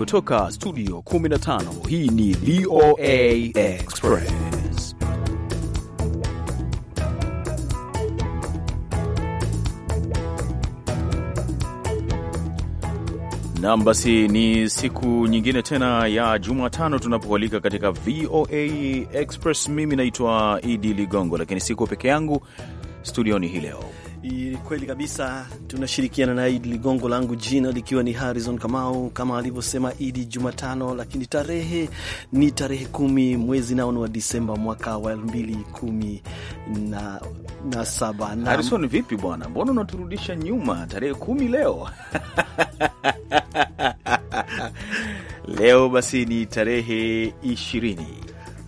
kutoka studio 15 hii ni VOA Express. Nam, basi ni siku nyingine tena ya Jumatano tunapoalika katika VOA Express. Mimi naitwa Idi Ligongo, lakini siko peke yangu studioni hii leo. Kweli kabisa, tunashirikiana na Idi Ligongo, langu jina likiwa ni Harrison Kamau, kama alivyosema Idi Jumatano, lakini tarehe ni tarehe kumi, mwezi nao ni wa Disemba mwaka wa elfu mbili kumi na, na saba. Na Harrison, vipi bwana, mbona unaturudisha nyuma tarehe kumi leo? Leo basi ni tarehe ishirini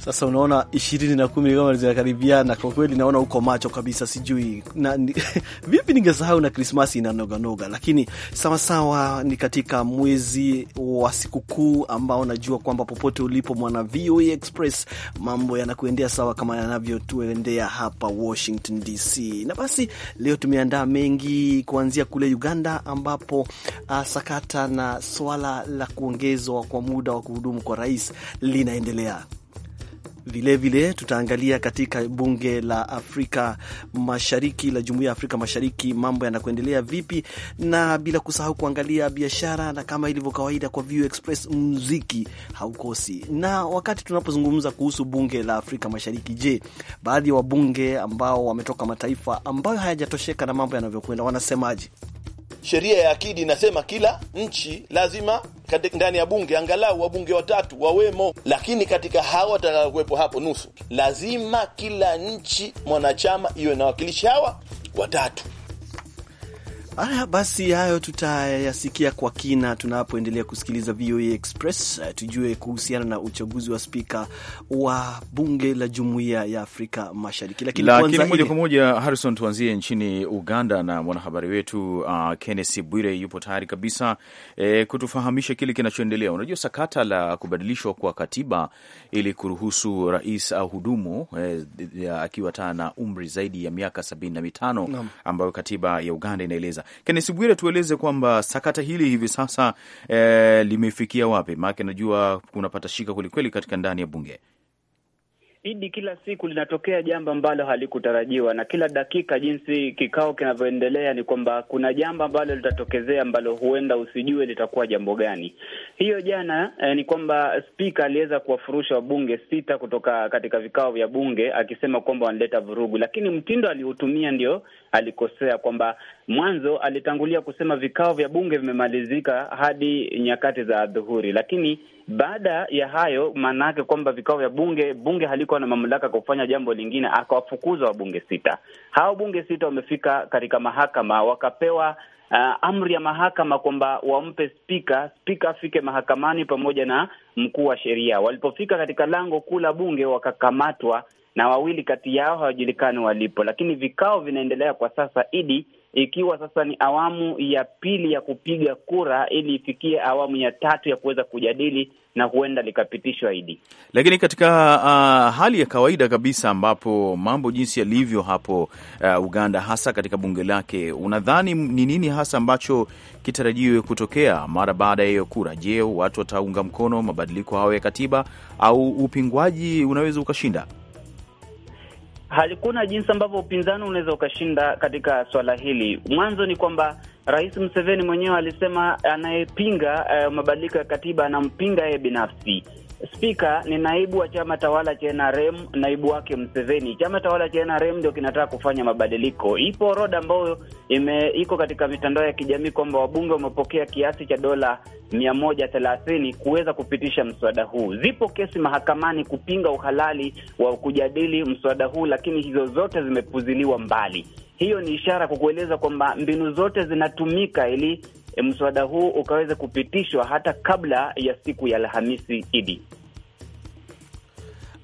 sasa unaona ishirini na kumi kama zinakaribiana kwa kweli, naona uko macho kabisa, sijui na, vipi ningesahau na Krismasi inanoganoga, lakini sawasawa, ni katika mwezi wa sikukuu ambao najua kwamba popote ulipo mwana VOA Express mambo yanakuendea sawa kama yanavyotuendea hapa Washington DC. Na basi leo tumeandaa mengi, kuanzia kule Uganda ambapo uh, sakata na swala la kuongezwa kwa muda wa kuhudumu kwa rais linaendelea. Vilevile tutaangalia katika bunge la Afrika Mashariki la Jumuiya ya Afrika Mashariki mambo yanakuendelea vipi, na bila kusahau kuangalia biashara, na kama ilivyo kawaida kwa View Express haukosi. Na wakati tunapozungumza kuhusu bunge la Afrika Mashariki, je, baadhi ya wabunge ambao wametoka mataifa ambayo hayajatosheka na mambo yanavyokwenda wanasemaje? sheria ya akidi inasema kila nchi lazima ndani ya bunge angalau wabunge watatu wawemo, lakini katika hawa watakaokuwepo hapo nusu, lazima kila nchi mwanachama iwe na wakilishi hawa watatu. Haya basi, hayo tutayasikia kwa kina tunapoendelea kusikiliza VOA Express. Tujue kuhusiana na uchaguzi wa spika wa bunge la jumuiya ya Afrika Mashariki, lakini lakini moja kwa moja, Harrison, tuanzie nchini Uganda na mwanahabari wetu uh, Kenneth Bwire yupo tayari kabisa eh, kutufahamisha kile kinachoendelea. Unajua sakata la kubadilishwa kwa katiba ili kuruhusu rais hudumu eh, akiwa taa na umri zaidi ya miaka sabini na mitano ambayo katiba ya Uganda inaeleza sasa. Kenneth Bwire, tueleze kwamba sakata hili hivi sasa e, limefikia wapi? Maanake najua kunapata shika kwelikweli katika ndani ya bunge idi kila siku linatokea jambo ambalo halikutarajiwa, na kila dakika jinsi kikao kinavyoendelea ni kwamba kuna jambo ambalo litatokezea ambalo huenda usijue litakuwa jambo gani. Hiyo jana eh, ni kwamba spika aliweza kuwafurusha wabunge sita kutoka katika vikao vya bunge akisema kwamba wanaleta vurugu, lakini mtindo aliutumia ndio alikosea, kwamba Mwanzo alitangulia kusema vikao vya bunge vimemalizika hadi nyakati za dhuhuri lakini baada ya hayo, maana yake kwamba vikao vya bunge bunge halikuwa na mamlaka kufanya jambo lingine, akawafukuza wabunge sita. Hao bunge sita wamefika katika mahakama wakapewa Uh, amri ya mahakama kwamba wampe spika, spika afike mahakamani pamoja na mkuu wa sheria. Walipofika katika lango kuu la bunge wakakamatwa, na wawili kati yao hawajulikani walipo, lakini vikao vinaendelea kwa sasa idi ikiwa sasa ni awamu ya pili ya kupiga kura ili ifikie awamu ya tatu ya kuweza kujadili na huenda likapitishwa hidi. Lakini katika uh, hali ya kawaida kabisa ambapo mambo jinsi yalivyo hapo uh, Uganda, hasa katika bunge lake, unadhani ni nini hasa ambacho kitarajiwe kutokea mara baada ya hiyo kura? Je, watu wataunga mkono mabadiliko hayo ya katiba au upingwaji unaweza ukashinda? halikuna jinsi ambavyo upinzani unaweza ukashinda katika swala hili. Mwanzo ni kwamba Rais Museveni mwenyewe alisema anayepinga uh, mabadiliko ya katiba anampinga yeye binafsi. Spika ni naibu wa chama tawala cha NRM, naibu wake Mseveni. Chama tawala cha NRM ndio kinataka kufanya mabadiliko. Ipo orodha ambayo iko katika mitandao ya kijamii kwamba wabunge wamepokea kiasi cha dola mia moja thelathini kuweza kupitisha mswada huu. Zipo kesi mahakamani kupinga uhalali wa kujadili mswada huu, lakini hizo zote zimepuziliwa mbali. Hiyo ni ishara kwa kueleza kwamba mbinu zote zinatumika ili mswada huu ukaweze kupitishwa hata kabla ya siku ya Alhamisi Idi.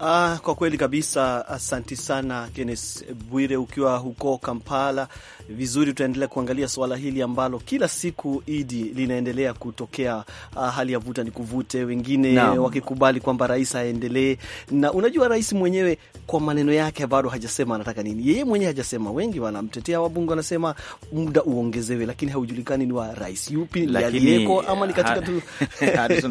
Ah, kwa kweli kabisa, asanti sana Kenneth Bwire ukiwa huko Kampala. Vizuri, tutaendelea kuangalia suala hili ambalo kila siku idi linaendelea kutokea, ah, hali ya vuta ni kuvute, wengine no. wakikubali kwamba rais aendelee, na unajua rais mwenyewe kwa maneno yake bado hajasema anataka nini, yeye mwenyewe hajasema. Wengi wanamtetea, wabunge wanasema muda uongezewe, lakini haujulikani ni wa rais yupi aliyeko, ama ni ah, katika tu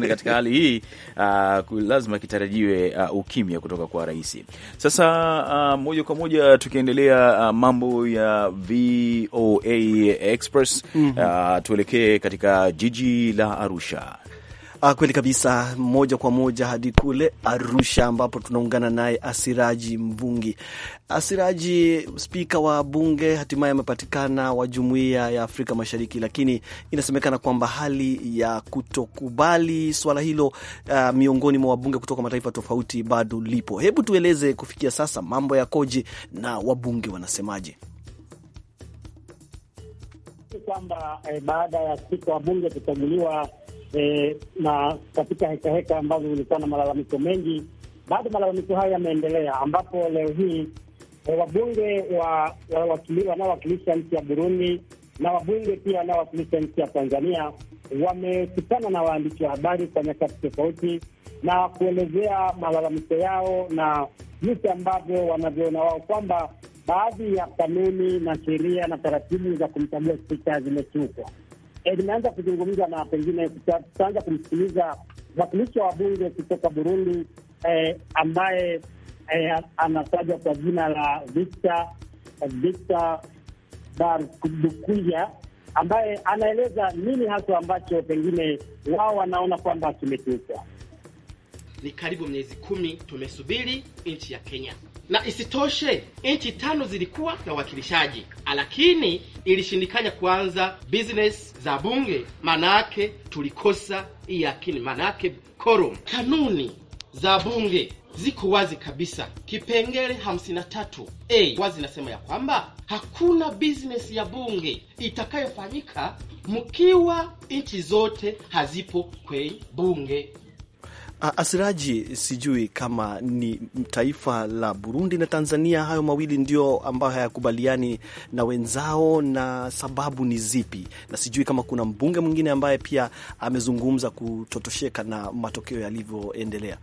katika hali hii, uh, lazima kitarajiwe uh, ukimya Kenya kutoka kwa rais. Sasa uh, moja kwa moja tukiendelea uh, mambo ya VOA Express mm -hmm. uh, tuelekee katika jiji la Arusha Ah, kweli kabisa, moja kwa moja hadi kule Arusha ambapo tunaungana naye Asiraji Mvungi. Asiraji, spika wa bunge hatimaye amepatikana wa jumuiya ya Afrika Mashariki, lakini inasemekana kwamba hali ya kutokubali swala hilo uh, miongoni mwa wabunge kutoka mataifa tofauti bado lipo. Hebu tueleze kufikia sasa mambo yakoje na wabunge wanasemaje? Kwamba eh, baada ya spika wa bunge kuchaguliwa e, na katika heka heka ambazo zilikuwa na malalamiko mengi, bado malalamiko hayo yameendelea, ambapo leo hii e, wabunge wa wanaowakilisha nchi ya Burundi na wabunge pia wanaowakilisha nchi ya Tanzania wamekutana na waandishi wa habari kwa nyakati tofauti na kuelezea malalamiko yao na jinsi ambavyo wanavyoona wao kwamba baadhi ya kanuni na sheria na taratibu za kumchagua spika zimechukwa limeanza eh, kuzungumza na pengine tutaanza kumsikiliza mwakilishi wa bunge kutoka Burundi eh, ambaye eh, anatajwa kwa jina la Victor eh, Victor Bardukuya ambaye anaeleza nini hasa ambacho pengine wao wanaona kwamba kimetuka. Ni karibu miezi kumi tumesubiri nchi ya Kenya na isitoshe nchi tano zilikuwa na wakilishaji, lakini ilishindikanya kuanza business za bunge, manake tulikosa hii akini, manake korum. Kanuni za bunge ziko wazi kabisa, kipengele 53 a wazi nasema ya kwamba hakuna business ya bunge itakayofanyika mkiwa nchi zote hazipo kwenye bunge. Ah, Asiraji, sijui kama ni taifa la Burundi na Tanzania, hayo mawili ndio ambayo hayakubaliani na wenzao, na sababu ni zipi? Na sijui kama kuna mbunge mwingine ambaye pia amezungumza kutotosheka na matokeo yalivyoendelea.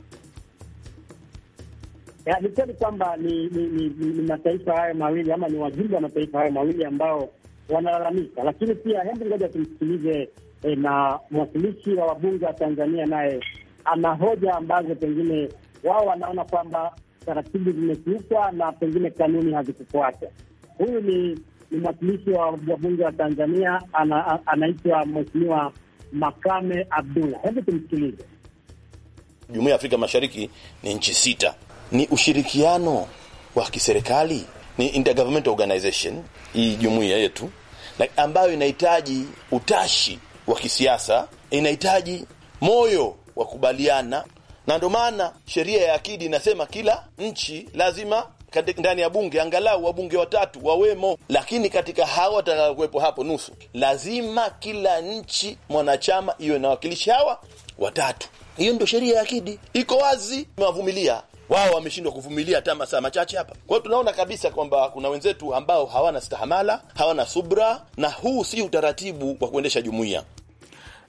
Ya, ni kweli kwamba ni, ni, ni, ni mataifa hayo mawili ama ni wajumbe wa mataifa hayo mawili ambao wanalalamika, lakini pia hebu ngoja tumsikilize eh, na mwakilishi wa wabunge wa Tanzania naye ana hoja ambazo pengine wao wanaona kwamba taratibu zimekiukwa na pengine kanuni hazikufuata. Huyu ni ni mwakilishi wa wabunge wa Tanzania, anaitwa Mheshimiwa Makame Abdullah. Hebu tumsikilize. Jumuiya ya Afrika Mashariki ni nchi sita, ni ushirikiano wa kiserikali, ni intergovernmental organization hii jumuiya yetu, ambayo inahitaji utashi wa kisiasa, inahitaji moyo wakubaliana, na ndio maana sheria ya akidi inasema kila nchi lazima ndani ya bunge angalau wabunge watatu wawemo, lakini katika hawa watakaokuwepo hapo nusu, lazima kila nchi mwanachama iwe na wakilishi hawa watatu. Hiyo ndio sheria ya akidi, iko wazi, wavumilia wao wameshindwa kuvumilia hata masaa machache hapa. Kwa hiyo tunaona kabisa kwamba kuna wenzetu ambao hawana stahamala, hawana subra, na huu si utaratibu wa kuendesha jumuiya.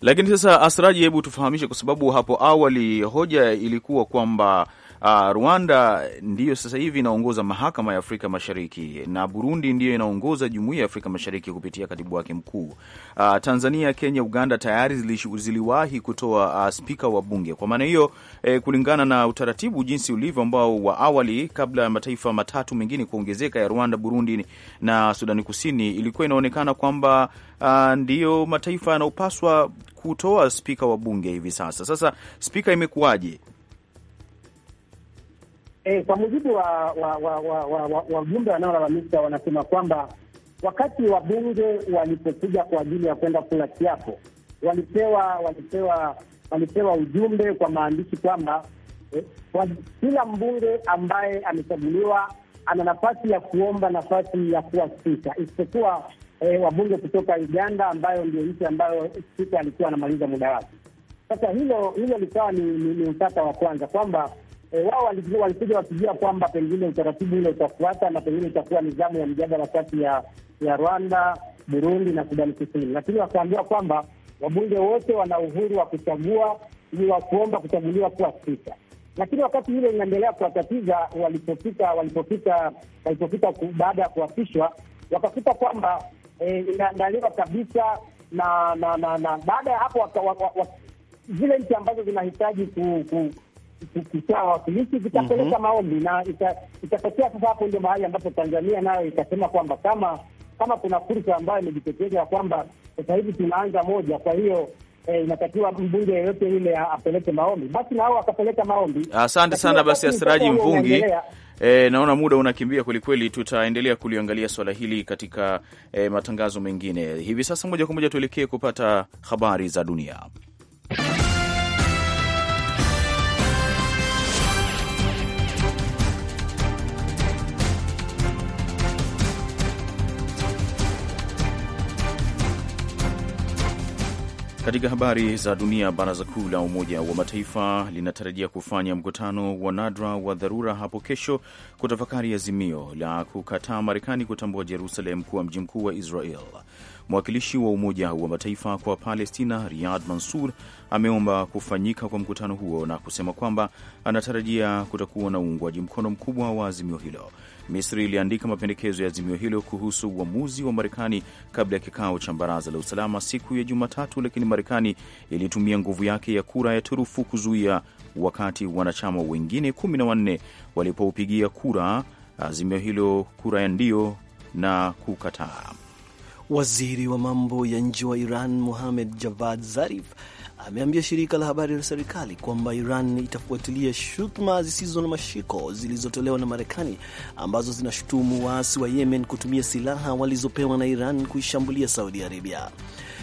Lakini sasa, Asraji, hebu tufahamishe, kwa sababu hapo awali hoja ilikuwa kwamba Uh, Rwanda ndiyo sasa hivi inaongoza mahakama ya Afrika Mashariki na Burundi ndiyo inaongoza jumuiya ya Afrika Mashariki kupitia katibu wake mkuu. Uh, Tanzania, Kenya, Uganda tayari ziliwahi kutoa uh, spika wa bunge. Kwa maana hiyo eh, kulingana na utaratibu jinsi ulivyo ambao wa awali kabla ya mataifa matatu mengine kuongezeka ya Rwanda, Burundi na Sudani Kusini, ilikuwa inaonekana kwamba uh, ndiyo mataifa yanayopaswa kutoa spika wa bunge hivi sasa. Sasa spika imekuwaje? E, kwa mujibu wa wajumbe wanaolalamika wanasema kwamba wakati wabunge walipokuja kwa ajili ya kwenda kula kiapo walipewa walipewa walipewa ujumbe kwa maandishi kwamba eh, kila mbunge ambaye amechaguliwa ana nafasi ya kuomba nafasi ya kuwa spika isipokuwa eh, wabunge kutoka Uganda ambayo ndio nchi ambayo spika alikuwa anamaliza muda wake. Sasa hilo hilo likawa ni, ni, ni utata wa kwanza kwamba wao walikuja wakijua kwamba pengine utaratibu ule utafuata na pengine itakuwa nizamu ya mjadala kati ya ya Rwanda, Burundi na Sudani Kusini, lakini wakaambiwa kwamba wabunge wote wana uhuru wa kuchagua ni wa kuomba kuchaguliwa kuwa spika. Lakini wakati hilo linaendelea kuwatatiza, walipofika walipofika walipofika baada ya kuapishwa, wakakuta kwamba eh, inaandaliwa kabisa na na na, na baada ya hapo zile nchi ambazo zinahitaji ku, ku kupitia wawakilishi vitapeleka mhm. maombi na itatokea sasa. Hapo ndio mahali ambapo Tanzania nayo ikasema kwamba kama kama kuna fursa ambayo imejitokeza ya kwamba sasa hivi tunaanza moja, kwa hiyo eh, inatakiwa mbunge yeyote ile apeleke maombi, basi nao akapeleka maombi. Asante sana. Basi Asiraji Mvungi, e, naona muda unakimbia kwelikweli. Tutaendelea kuliangalia swala hili katika e, matangazo mengine. Hivi sasa moja kwa moja tuelekee kupata habari za dunia. Katika habari za dunia, baraza kuu la Umoja wa Mataifa linatarajia kufanya mkutano wa nadra wa dharura hapo kesho kutafakari azimio la kukataa Marekani kutambua Jerusalem kuwa mji mkuu wa Israel. Mwakilishi wa Umoja wa Mataifa kwa Palestina Riyad Mansour ameomba kufanyika kwa mkutano huo na kusema kwamba anatarajia kutakuwa na uungwaji mkono mkubwa wa azimio hilo. Misri iliandika mapendekezo ya azimio hilo kuhusu uamuzi wa Marekani kabla ya kikao cha baraza la usalama siku ya Jumatatu, lakini Marekani ilitumia nguvu yake ya kura ya turufu kuzuia wakati wanachama wengine kumi na wanne walipoupigia kura azimio hilo kura ya ndio na kukataa. Waziri wa mambo ya nje wa Iran muhamed Javad Zarif ameambia shirika la habari la serikali kwamba Iran itafuatilia shutuma zisizo na mashiko zilizotolewa na Marekani ambazo zinashutumu waasi wa Yemen kutumia silaha walizopewa na Iran kuishambulia Saudi Arabia.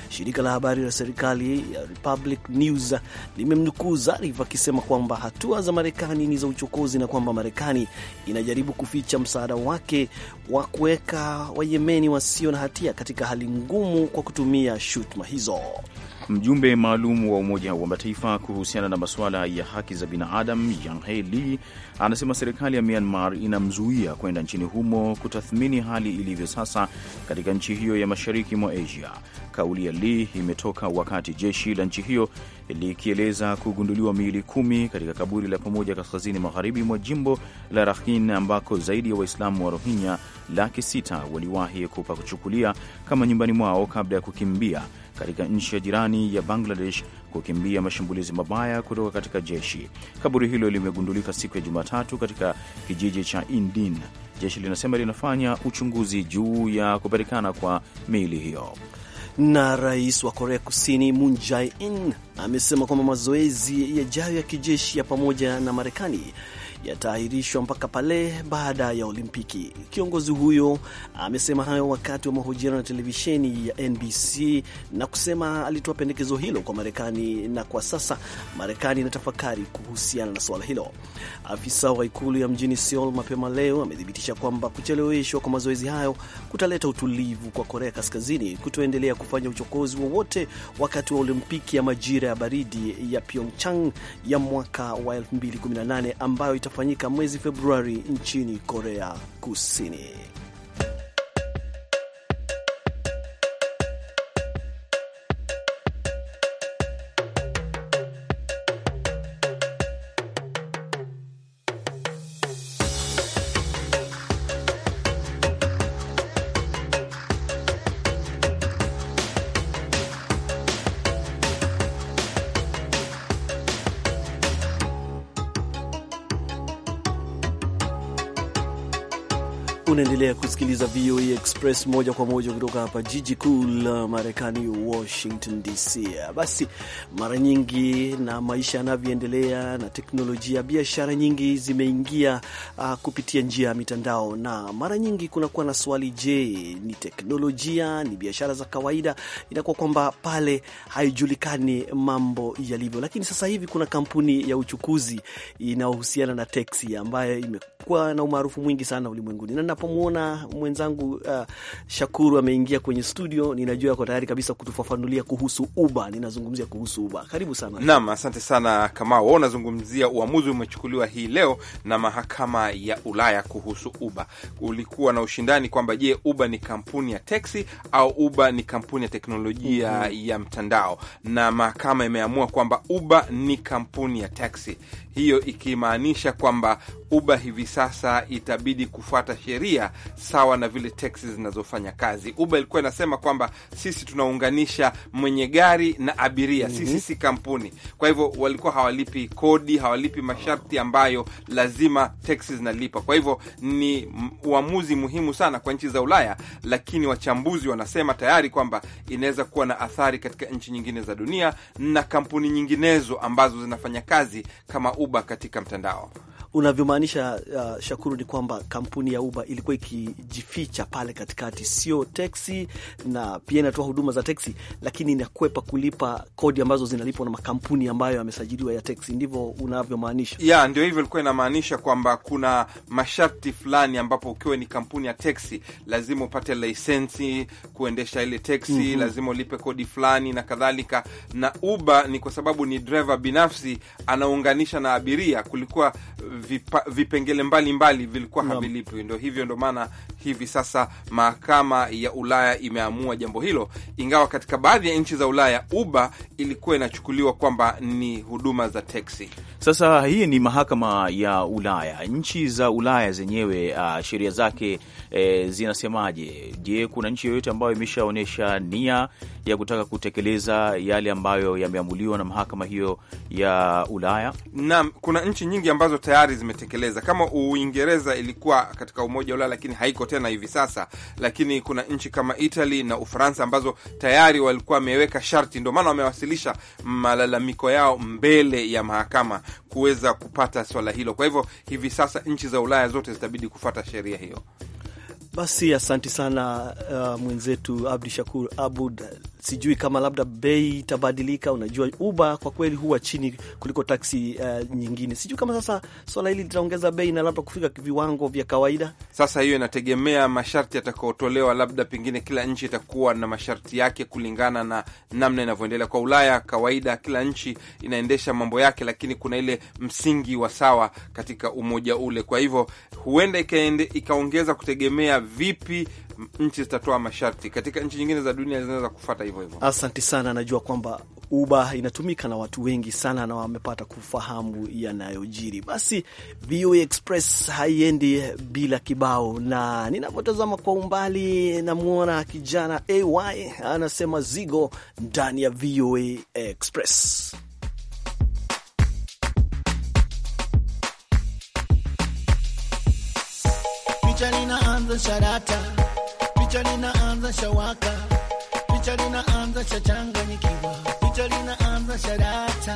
Shirika la habari la serikali ya Republic News limemnukuu Zarif akisema kwamba hatua za Marekani ni za uchokozi na kwamba Marekani inajaribu kuficha msaada wake wa kuweka Wayemeni wasio na hatia katika hali ngumu kwa kutumia shutuma hizo. Mjumbe maalum wa Umoja wa Mataifa kuhusiana na masuala ya haki za binadamu Yanghee Li anasema serikali ya Myanmar inamzuia kwenda nchini humo kutathmini hali ilivyo sasa katika nchi hiyo ya mashariki mwa Asia. Kauli ya Li imetoka wakati jeshi la nchi hiyo likieleza kugunduliwa miili kumi katika kaburi la pamoja kaskazini magharibi mwa jimbo la Rakhine ambako zaidi ya Waislamu wa Rohingya laki sita waliwahi kupakuchukulia kama nyumbani mwao kabla ya kukimbia katika nchi ya jirani ya Bangladesh kukimbia mashambulizi mabaya kutoka katika jeshi. Kaburi hilo limegundulika siku ya Jumatatu katika kijiji cha Indin. Jeshi linasema linafanya uchunguzi juu ya kupatikana kwa miili hiyo. Na rais wa Korea Kusini Moon Jae-in amesema kwamba mazoezi yajayo ya kijeshi ya pamoja na Marekani yataahirishwa mpaka pale baada ya Olimpiki. Kiongozi huyo amesema hayo wakati wa mahojiano na televisheni ya NBC na kusema alitoa pendekezo hilo kwa Marekani na kwa sasa Marekani inatafakari kuhusiana na suala hilo. Afisa wa ikulu ya mjini Seoul mapema leo amethibitisha kwamba kucheleweshwa kwa mazoezi hayo kutaleta utulivu kwa Korea Kaskazini kutoendelea kufanya uchokozi wowote wakati wa Olimpiki ya majira ya baridi ya Pyeongchang ya mwaka wa 2018 ambayo ita yatafanyika mwezi Februari nchini Korea Kusini. Unaendelea kusikiliza VOA e Express moja kwa moja kutoka hapa jiji kuu la Marekani, Washington DC. Basi mara nyingi na maisha yanavyoendelea na teknolojia, biashara nyingi zimeingia uh, kupitia njia ya mitandao, na mara nyingi kunakuwa na swali, je, ni teknolojia, ni biashara za kawaida? Inakuwa kwamba pale haijulikani mambo yalivyo, lakini sasa hivi kuna kampuni ya uchukuzi inayohusiana na teksi ambayo imekuwa na umaarufu mwingi sana ulimwenguni na namwona mwenzangu uh, Shakuru ameingia kwenye studio, ninajua yako tayari kabisa kutufafanulia kuhusu Uba. Ninazungumzia kuhusu Uba, karibu sana. Naam, asante sana Kamao. Wao unazungumzia uamuzi umechukuliwa hii leo na mahakama ya Ulaya kuhusu Uba. Ulikuwa na ushindani kwamba je, Uba ni kampuni ya teksi au Uba ni kampuni ya teknolojia mm -hmm. ya mtandao, na mahakama imeamua kwamba Uba ni kampuni ya teksi, hiyo ikimaanisha kwamba Uba hivi sasa itabidi kufuata sheria sheria sawa na vile teksi zinazofanya kazi. Uber ilikuwa inasema kwamba sisi tunaunganisha mwenye gari na abiria, mm -hmm. sisi si kampuni. Kwa hivyo walikuwa hawalipi kodi, hawalipi masharti ambayo lazima teksi zinalipa. Kwa hivyo ni uamuzi muhimu sana kwa nchi za Ulaya, lakini wachambuzi wanasema tayari kwamba inaweza kuwa na athari katika nchi nyingine za dunia na kampuni nyinginezo ambazo zinafanya kazi kama Uber katika mtandao unavyomaanisha uh, Shakuru, ni kwamba kampuni ya Uber ilikuwa ikijificha pale katikati, sio teksi na pia inatoa huduma za teksi, lakini inakwepa kulipa kodi ambazo zinalipwa na makampuni ambayo yamesajiliwa ya teksi. Ndivyo unavyomaanisha? Ya, ndio hivyo, ilikuwa inamaanisha kwamba kuna masharti fulani ambapo ukiwa ni kampuni ya teksi lazima upate lisensi kuendesha ile teksi, mm -hmm. lazima ulipe kodi fulani na kadhalika. Na Uber ni kwa sababu ni dreva binafsi, anaunganisha na abiria, kulikuwa vipa, vipengele mbalimbali vilikuwa havilipwi. Ndo hivyo ndo maana hivi sasa mahakama ya Ulaya imeamua jambo hilo, ingawa katika baadhi ya nchi za Ulaya Uber ilikuwa inachukuliwa kwamba ni huduma za teksi. Sasa hii ni mahakama ya Ulaya. Nchi za Ulaya zenyewe uh, sheria zake e, zinasemaje? Je, kuna nchi yoyote ambayo imeshaonyesha nia ya kutaka kutekeleza yale ambayo yameamuliwa na mahakama hiyo ya Ulaya? Naam, kuna nchi nyingi ambazo tayari zimetekeleza kama Uingereza ilikuwa katika Umoja wa Ulaya lakini haiko tena hivi sasa, lakini kuna nchi kama Italy na Ufaransa ambazo tayari walikuwa wameweka sharti, ndio maana wamewasilisha malalamiko yao mbele ya mahakama kuweza kupata swala hilo. Kwa hivyo hivi sasa nchi za Ulaya zote zitabidi kufata sheria hiyo. Basi asante sana uh, mwenzetu Abdu Shakur Abud sijui kama labda bei itabadilika. Unajua Uber kwa kweli huwa chini kuliko taksi uh, nyingine. Sijui kama sasa swala hili litaongeza bei na labda kufika viwango vya kawaida. Sasa hiyo inategemea masharti yatakaotolewa, labda pengine kila nchi itakuwa na masharti yake kulingana na namna inavyoendelea. Kwa Ulaya kawaida kila nchi inaendesha mambo yake, lakini kuna ile msingi wa sawa katika umoja ule. Kwa hivyo huenda ikaongeza kutegemea vipi nchi zitatoa masharti, katika nchi nyingine za dunia zinaweza kufata hivyo hivyo. Asante sana, najua kwamba uba inatumika na watu wengi sana na wamepata kufahamu yanayojiri. Basi VOA Express haiendi bila kibao, na ninavyotazama kwa umbali namwona kijana AY anasema zigo ndani ya VOA Express. Picha linaanza sharata picha linaanza shawaka, picha linaanza shachanganyikiwa, picha linaanza sharata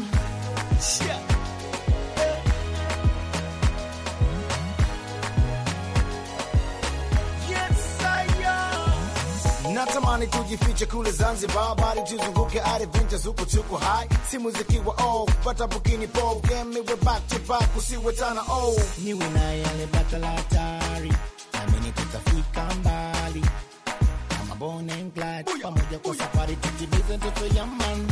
ujifiche kule Zanzibar, bali tuzunguke ardhi nitazukuchuku high, si muziki wa but a bukini pop game we back to back, usiwe tana old niwe na yale batala hatari, amini tutafika mbali kama Bonnie and Clyde pamoja kwa safari tutimize ndoto ya man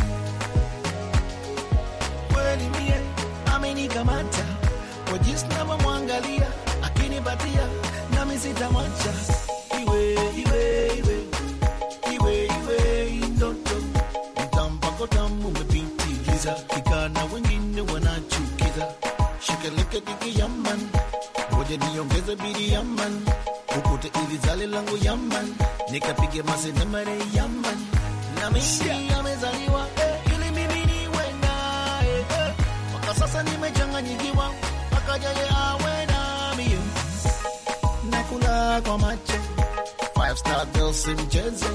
rafiki yaman, ngoja niongeze bili yaman, ukute ili zale langu yaman, nikapige masenamare yaman, na mimi amezaliwa eh, ili mimi niwe naye eh, mpaka sasa nimechanganyikiwa, akaja awe nami, nakula kwa macho five star girls mchezo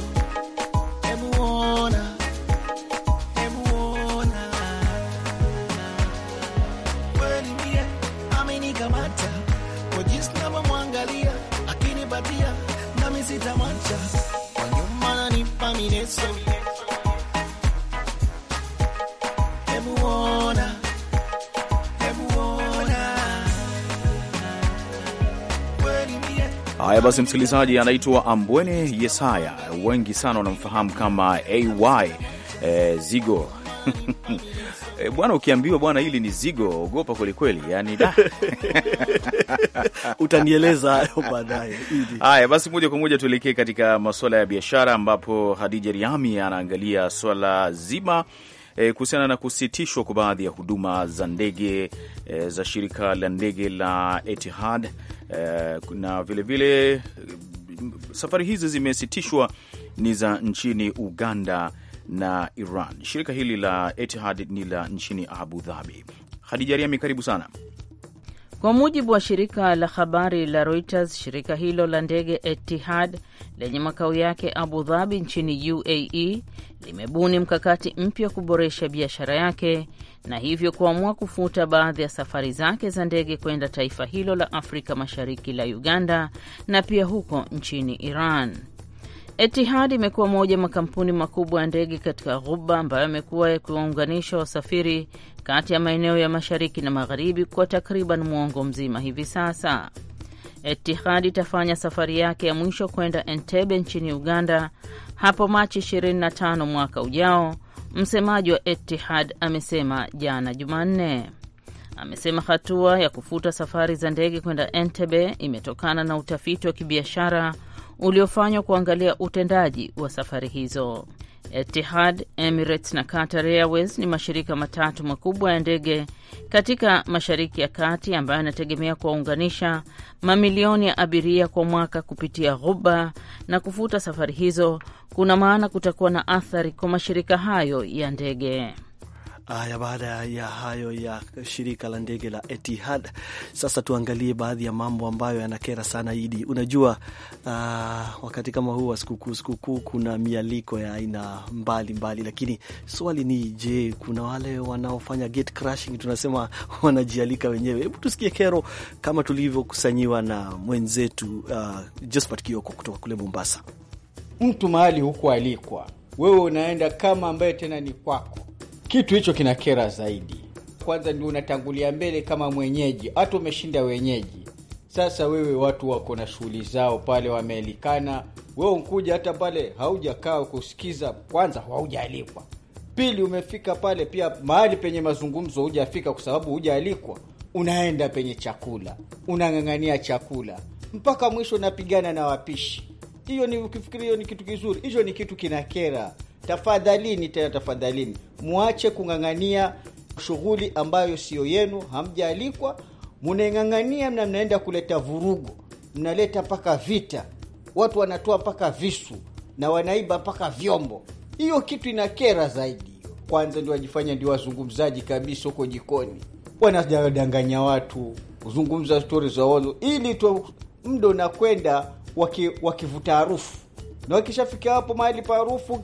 Haya basi, msikilizaji anaitwa Ambwene Yesaya, wengi sana wanamfahamu kama AY e, eh, Zigo E, bwana ukiambiwa bwana hili ni zigo, ogopa kwelikweli, yani da utanieleza baadaye. Haya basi, moja kwa moja tuelekee katika masuala ya biashara, ambapo Hadija Riami anaangalia swala zima e, kuhusiana na kusitishwa kwa baadhi ya huduma za ndege e, za shirika la ndege la Etihad e, na vilevile vile, e, safari hizi zimesitishwa ni za nchini Uganda na Iran. Shirika hili la Etihad ni la nchini Abu Dhabi. Hadija Riami, karibu sana. Kwa mujibu wa shirika la habari la Reuters, shirika hilo la ndege Etihad lenye makao yake Abu Dhabi nchini UAE limebuni mkakati mpya kuboresha biashara yake na hivyo kuamua kufuta baadhi ya safari zake za ndege kwenda taifa hilo la Afrika Mashariki la Uganda na pia huko nchini Iran. Etihad imekuwa moja makampuni makubwa ya ndege katika Ghuba ambayo amekuwa yakiwaunganisha wasafiri kati ya maeneo ya mashariki na magharibi kwa takriban mwongo mzima hivi sasa. Etihad itafanya safari yake ya mwisho kwenda Entebe nchini Uganda hapo Machi 25 mwaka ujao, msemaji wa Etihad amesema jana Jumanne. Amesema hatua ya kufuta safari za ndege kwenda Entebe imetokana na utafiti wa kibiashara uliofanywa kuangalia utendaji wa safari hizo. Etihad, Emirates na Qatar Airways ni mashirika matatu makubwa ya ndege katika Mashariki ya Kati ambayo yanategemea kuwaunganisha mamilioni ya abiria kwa mwaka kupitia Ghuba, na kufuta safari hizo kuna maana kutakuwa na athari kwa mashirika hayo ya ndege. Haya, baada ya hayo ya shirika la ndege la Etihad, sasa tuangalie baadhi ya mambo ambayo yanakera sana Idi. Unajua uh, wakati kama huu wa sikukuu sikukuu, kuna mialiko ya aina mbalimbali, lakini swali ni je, kuna wale wanaofanya gate crashing, tunasema wanajialika wenyewe? Hebu tusikie kero kama tulivyokusanyiwa na mwenzetu uh, ah, Josphat Kioko kutoka kule Mombasa. Mtu mahali hukualikwa alikwa, wewe unaenda kama ambaye tena ni kwako kitu hicho kinakera zaidi. Kwanza ndio unatangulia mbele kama mwenyeji, hata umeshinda wenyeji. Sasa wewe, watu wako na shughuli zao pale, wameelikana. weo unkuja hata pale, haujakaa kusikiza. Kwanza haujaalikwa, pili umefika pale pia mahali penye mazungumzo hujafika kwa sababu hujaalikwa. Unaenda penye chakula, unang'ang'ania chakula mpaka mwisho, unapigana na wapishi. Hiyo ni ukifikiri, hiyo ni kitu kizuri? Hicho ni kitu kinakera. Tafadhalini tena tafadhalini, mwache kung'ang'ania shughuli ambayo siyo yenu, hamjaalikwa. Munaing'ang'ania na mnaenda kuleta vurugu, mnaleta mpaka vita, watu wanatoa mpaka visu na wanaiba mpaka vyombo. Hiyo kitu inakera zaidi. Kwanza ndio wajifanya ndio wazungumzaji kabisa, huko jikoni wanadanganya watu, kuzungumza stori za wazo ili tu mdo nakwenda wakivuta waki harufu, na wakishafika hapo mahali pa harufu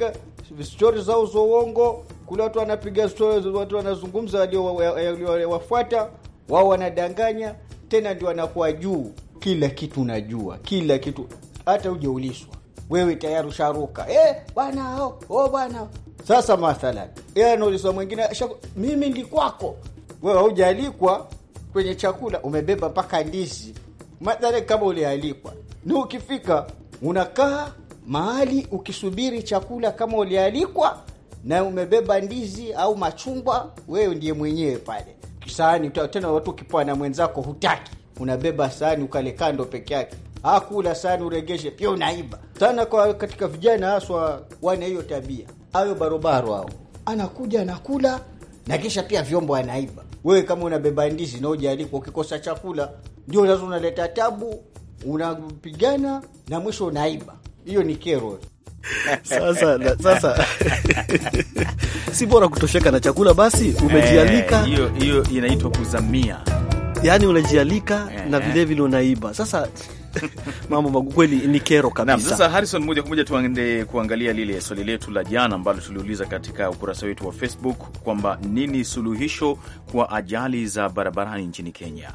stori zao za uongo. Kuna watu wanapiga stori, watu wanazungumza waliowafuata wao, wanadanganya tena, ndio wanakuwa juu. Kila kitu unajua, kila kitu, hata hujaulizwa wewe tayari usharuka. Eh, bwana hao, oh, oh bwana. Sasa mathalan, anaulizwa mwingine, mimi ndi kwako wewe, haujaalikwa kwenye chakula, umebeba mpaka ndizi. Mathalan, kama ulialikwa ni ukifika unakaa mahali ukisubiri chakula, kama ulialikwa na umebeba ndizi au machungwa, wewe ndiye mwenyewe pale kisahani. Tena watu ukipoa na mwenzako hutaki, unabeba sahani ukale kando peke yake, hakula sahani uregeshe, pia unaiba sana. Kwa katika vijana haswa wana hiyo tabia, hayo barobaro hao, anakuja anakula na kisha pia vyombo anaiba. Wewe kama unabeba ndizi na ujaalikwa, ukikosa chakula ndio unaleta tabu, unapigana na mwisho unaiba hiyo ni kero sasa na, sasa si bora kutosheka na chakula basi, umejialika eh, hiyo eh, hiyo inaitwa kuzamia, yaani unajialika eh, na vilevile vile unaiba sasa mambo makweli ni kero kabisa. Sasa Harrison, moja kwa moja tuende kuangalia lile swali letu la jana ambalo tuliuliza katika ukurasa wetu wa Facebook kwamba nini suluhisho kwa ajali za barabarani nchini Kenya.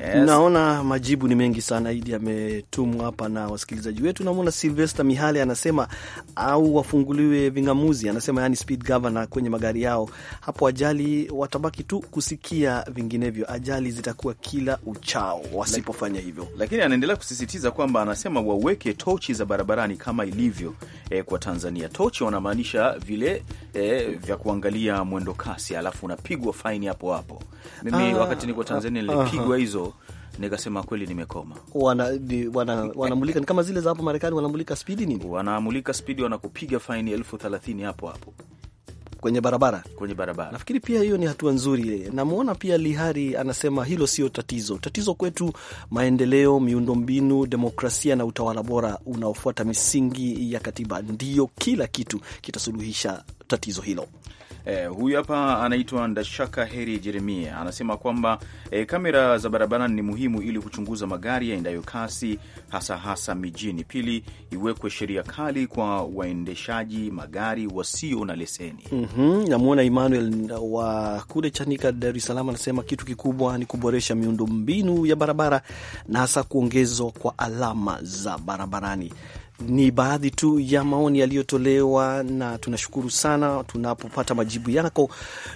Yes. Naona majibu ni mengi sana Idi ametumwa hapa na wasikilizaji wetu. Namwona Silvester Mihale anasema au wafunguliwe vingamuzi, anasema yani speed governor kwenye magari yao, hapo ajali watabaki tu kusikia, vinginevyo ajali zitakuwa kila uchao wasipofanya hivyo. Lakini anaendelea kusisitiza kwamba anasema waweke tochi za barabarani kama ilivyo eh, kwa Tanzania. Tochi wanamaanisha vile eh, vya kuangalia mwendo kasi, alafu unapigwa faini hapo hapo. Mimi ah, wakati niko Tanzania nilipigwa hizo nikasema kweli nimekoma. Wanamulika wana, wana kama zile za hapo Marekani, wanamulika spidi nini, wanamulika spidi, wanakupiga faini elfu thelathini hapo hapo kwenye barabara kwenye barabara. Nafikiri pia hiyo ni hatua nzuri ile. Namwona pia Lihari anasema hilo sio tatizo. Tatizo kwetu maendeleo, miundombinu, demokrasia na utawala bora unaofuata misingi ya katiba, ndiyo kila kitu kitasuluhisha tatizo hilo. Eh, huyu hapa anaitwa Ndashaka Heri Jeremia anasema kwamba eh, kamera za barabarani ni muhimu ili kuchunguza magari yaendayo kasi hasa hasa mijini. Pili, iwekwe sheria kali kwa waendeshaji magari wasio na leseni. mm -hmm. Namwona Emmanuel wa kule Chanika, Dar es Salaam anasema kitu kikubwa ni kuboresha miundo mbinu ya barabara na hasa kuongezwa kwa alama za barabarani ni baadhi tu ya maoni yaliyotolewa, na tunashukuru sana. Tunapopata majibu yako,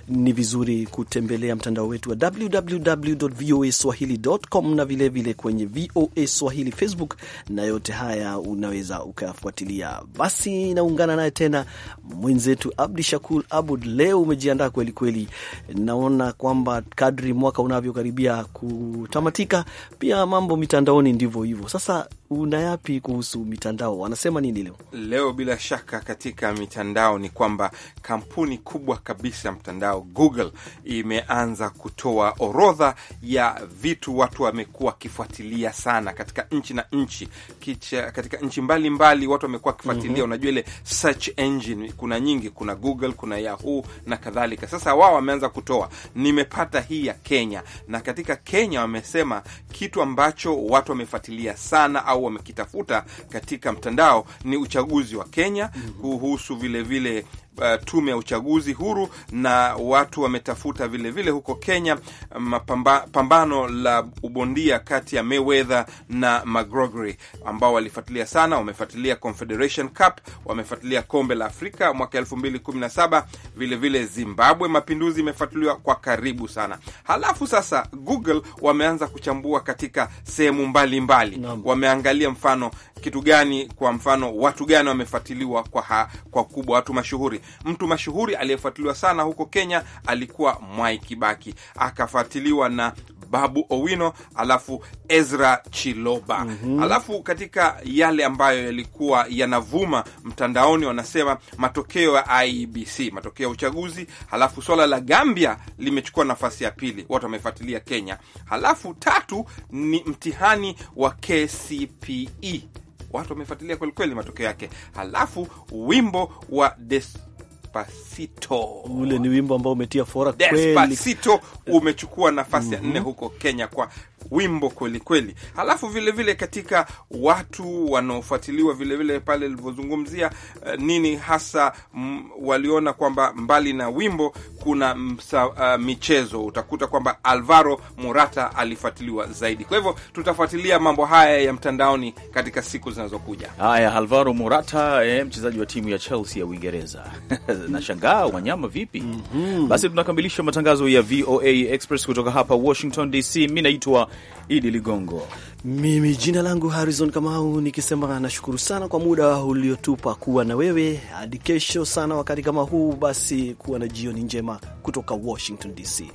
ni vizuri kutembelea mtandao wetu wa www voa swahilicom na vilevile vile kwenye VOA Swahili Facebook, na yote haya unaweza ukayafuatilia. Basi naungana naye tena mwenzetu Abdi Shakur Abud. Leo umejiandaa kwelikweli, naona kwamba kadri mwaka unavyokaribia kutamatika, pia mambo mitandaoni ndivyo hivyo sasa una yapi kuhusu mitandao? Wanasema nini leo? Leo bila shaka katika mitandao ni kwamba kampuni kubwa kabisa ya mtandao Google imeanza kutoa orodha ya vitu watu wamekuwa wakifuatilia sana katika nchi na nchi, kicha, katika nchi mbalimbali mbali, watu wamekuwa wakifuatilia mm -hmm. Unajua ile search engine kuna nyingi, kuna Google, kuna Yahoo na kadhalika. Sasa wao wameanza kutoa, nimepata hii ya Kenya, na katika Kenya wamesema kitu ambacho watu wamefuatilia sana au wamekitafuta katika mtandao ni uchaguzi wa Kenya mm-hmm. kuhusu vilevile vile uh, tume ya uchaguzi huru na watu wametafuta vilevile vile huko Kenya um, mapamba, pambano la ubondia kati ya Mayweather na McGregor ambao walifuatilia sana, wamefuatilia Confederation Cup, wamefuatilia kombe la Afrika mwaka 2017 vilevile Zimbabwe mapinduzi imefuatiliwa kwa karibu sana. Halafu sasa Google wameanza kuchambua katika sehemu mbalimbali, wameangalia mfano kitu gani, kwa mfano watu gani wamefuatiliwa kwa, kwa kubwa, watu mashuhuri mtu mashuhuri aliyefuatiliwa sana huko Kenya alikuwa Mwai Kibaki, akafuatiliwa na Babu Owino, alafu Ezra Chiloba. mm -hmm. Alafu katika yale ambayo yalikuwa yanavuma mtandaoni, wanasema matokeo ya ibc matokeo ya uchaguzi, halafu swala la Gambia limechukua nafasi ya pili, watu wamefuatilia Kenya. Halafu tatu ni mtihani wa KCPE watu wamefuatilia kwelikweli matokeo yake. Halafu wimbo wa des, Despacito. Ule ni wimbo ambao umetia fora kweli. Despacito umechukua nafasi ya mm -hmm. nne mhm. huko Kenya kwa wimbo kweli kweli. Halafu vile vile katika watu wanaofuatiliwa vile vile pale ilivyozungumzia uh, eh, nini hasa m, mm, waliona kwamba mbali na wimbo kuna msa, uh, michezo. Utakuta kwamba Alvaro Morata alifuatiliwa zaidi. Kwa hivyo tutafuatilia mambo haya ya mtandaoni katika siku zinazokuja. Haya, Alvaro Morata eh, mchezaji wa timu ya Chelsea ya Uingereza nashangaa wanyama vipi? mm -hmm. Basi tunakamilisha matangazo ya VOA Express kutoka hapa Washington DC. Mi naitwa Idi Ligongo. Mimi jina langu Harrison Kamau, nikisema nashukuru sana kwa muda uliotupa kuwa na wewe. Hadi kesho sana wakati kama huu, basi kuwa na jioni njema kutoka Washington DC.